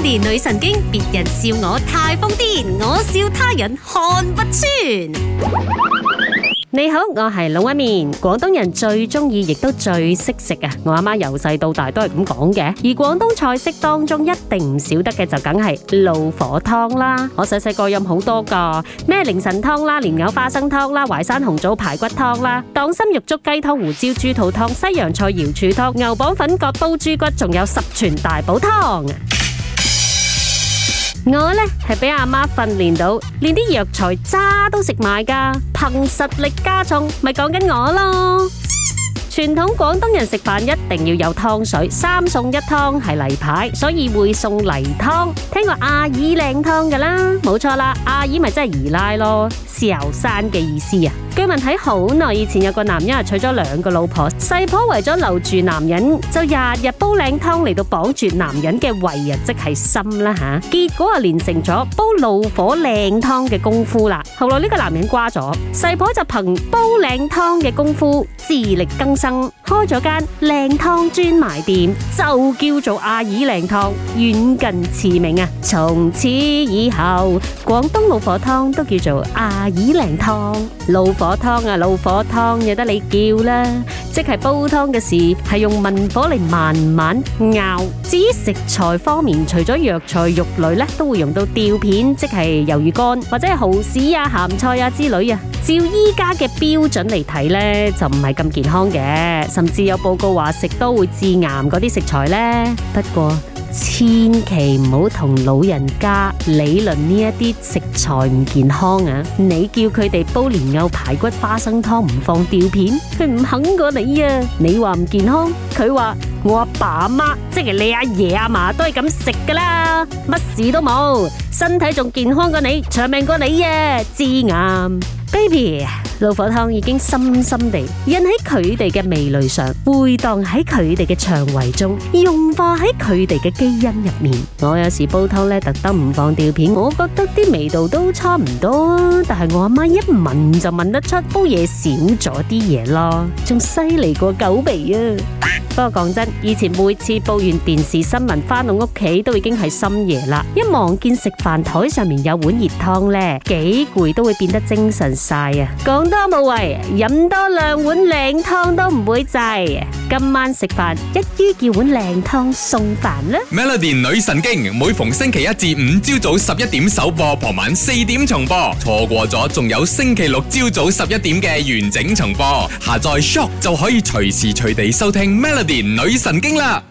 年女神經，別人笑我太瘋癲，我笑他人看不穿。你好，我係龍紋敏，廣東人最中意，亦都最識食啊！我阿媽由細到大都係咁講嘅。而廣東菜式當中一定唔少得嘅就梗係老火湯啦。我細細個飲好多個咩凌晨湯啦、蓮藕花生湯啦、淮山紅棗排骨湯啦、黨參玉竹雞湯、胡椒豬肚湯、西洋菜瑤柱湯、牛蒡粉葛煲豬骨，仲有十全大補湯。我呢係俾阿媽訓練到，連啲藥材渣都食埋噶，憑實力加重咪講緊我咯。傳統廣東人食飯一定要有湯水，三送一湯係例牌，所以會送泥湯。聽過阿姨靚湯噶啦，冇錯啦，阿姨咪真係姨奶咯。潮汕嘅意思啊！據聞喺好耐以前有個男人啊，娶咗兩個老婆，細婆為咗留住男人，就日日煲靚湯嚟到綁住男人嘅胃，人，即係心啦吓。結果啊連成咗煲老火靚湯嘅功夫啦。後來呢個男人瓜咗，細婆就憑煲靚湯嘅功夫自力更生，開咗間靚湯專賣店，就叫做阿姨靚湯，遠近馳名啊！從此以後，廣東老火湯都叫做阿。耳鈴湯、老火湯啊，老火湯有得你叫啦。即係煲湯嘅時，係用文火嚟慢慢熬。至於食材方面，除咗藥材、肉類咧，都會用到吊片，即係魷魚乾或者係蠔豉啊、鹹菜啊之類啊。照依家嘅標準嚟睇咧，就唔係咁健康嘅，甚至有報告話食都會致癌嗰啲食材咧。不過。千祈唔好同老人家理論呢一啲食材唔健康啊！你叫佢哋煲蓮藕排骨花生湯唔放吊片，佢唔肯過你啊！你話唔健康，佢話我阿爸阿媽，即係你阿爺阿嫲都係咁食噶啦，乜事都冇，身體仲健康過你，長命過你啊！致癌，baby。.老火湯已經深深地印喺佢哋嘅味蕾上，回蕩喺佢哋嘅腸胃中，融化喺佢哋嘅基因入面。我有時煲湯呢，特登唔放吊片，我覺得啲味道都差唔多，但係我阿媽一聞就聞得出煲嘢少咗啲嘢咯，仲犀利過狗鼻啊！ 不過講真，以前每次報完電視新聞翻到屋企都已經係深夜啦，一望見食飯台上面有碗熱湯呢，幾攰都會變得精神晒啊！咁多冇謂，飲多兩碗靚湯都唔會滯。今晚食飯，一於叫一碗靚湯送飯啦。Melody 女神經每逢星期一至五朝早十一點首播，傍晚四點重播。錯過咗，仲有星期六朝早十一點嘅完整重播。下載 Shock 就可以隨時隨地收聽 Melody 女神經啦。